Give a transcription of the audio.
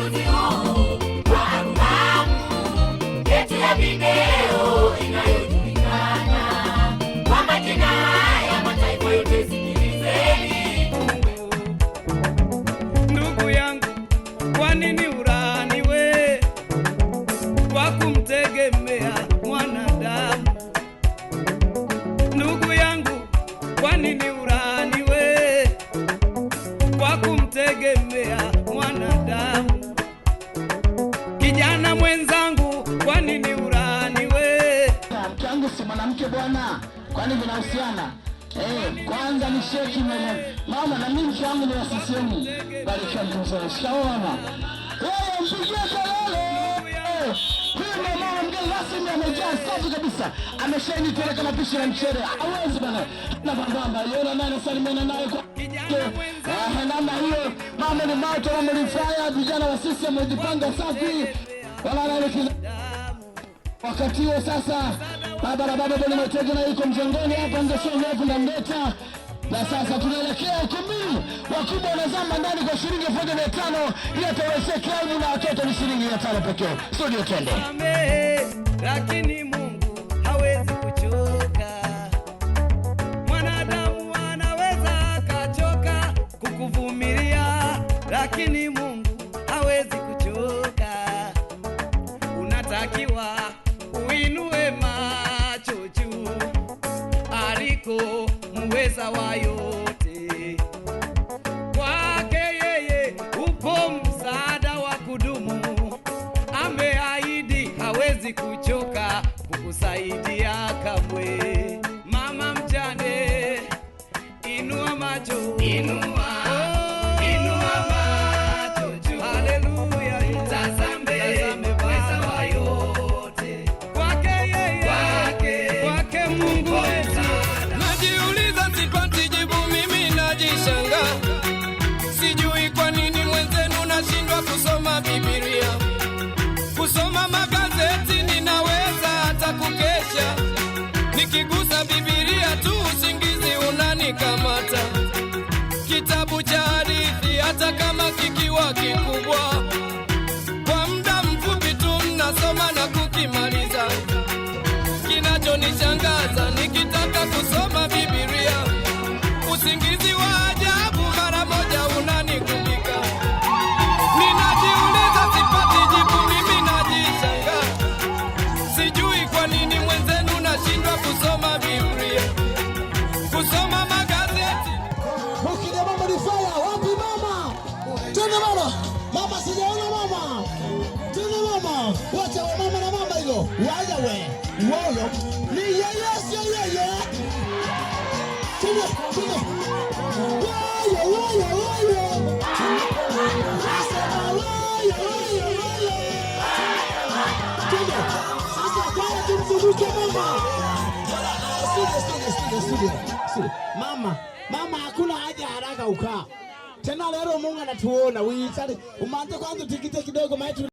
uchaguzi huu wa Ambamu, keti ya video inayojulikana kwa majina ya mataifa yote, sikilizeni. Ndugu yangu, kwa nini we kwa kumtegemea mwanadamu? Ndugu yangu, kwa nini mke bwana, kwani vinahusiana? Eh, kwanza ni sheki mwenye Mama na mimi mke wangu ni wa CCM. Barikiwa mtu mzuri. Shikamoo. Wewe eh, mpigie kelele. Huyu ndio mama mgeni rasmi amejaa safi kabisa. Ameshaini tele kama pishi la mchele. Hawezi bana. Na bambamba yona naye nasalimiana naye kwa Ah, namna hiyo. Mama ni moto, mama ni fire, vijana wa CCM wajipanga safi. Wala naelekea Wakati huo sasa, na baba Matege na yuko mjengoni hapa Ngesovu na Mdeta, na sasa tunaelekea ukumbini. Wakubwa wanazama ndani kwa shilingi elfu moja mia tano ili atawezesha klabu, na watoto ni shilingi mia tano pekee. Studio twende, lakini Mungu hawezi kuchoka mwanadamu, anaweza akachoka kukuvumilia, lakini Mungu hawezi kuchoka, unatakiwa uweza wa yote. Kwake yeye upo msaada wa kudumu, ameahidi hawezi kuchoka kukusaidia kamwe. nikigusa Bibilia tu usingizi unanikamata. Kitabu cha hadithi, hata kama kikiwa kikubwa, kwa muda mfupi tu mnasoma na Twende mama, mama, sijaona mama. Twende mama, wacha mama na mama hilo waja we wolo ni yeye, sio yeye. Twende twende, wayo wayo wayo, mama mama, hakuna haja haraka ukaa tena leo Mungu anatuona. Uiitale. Umanze kwanza tikite kidogo maana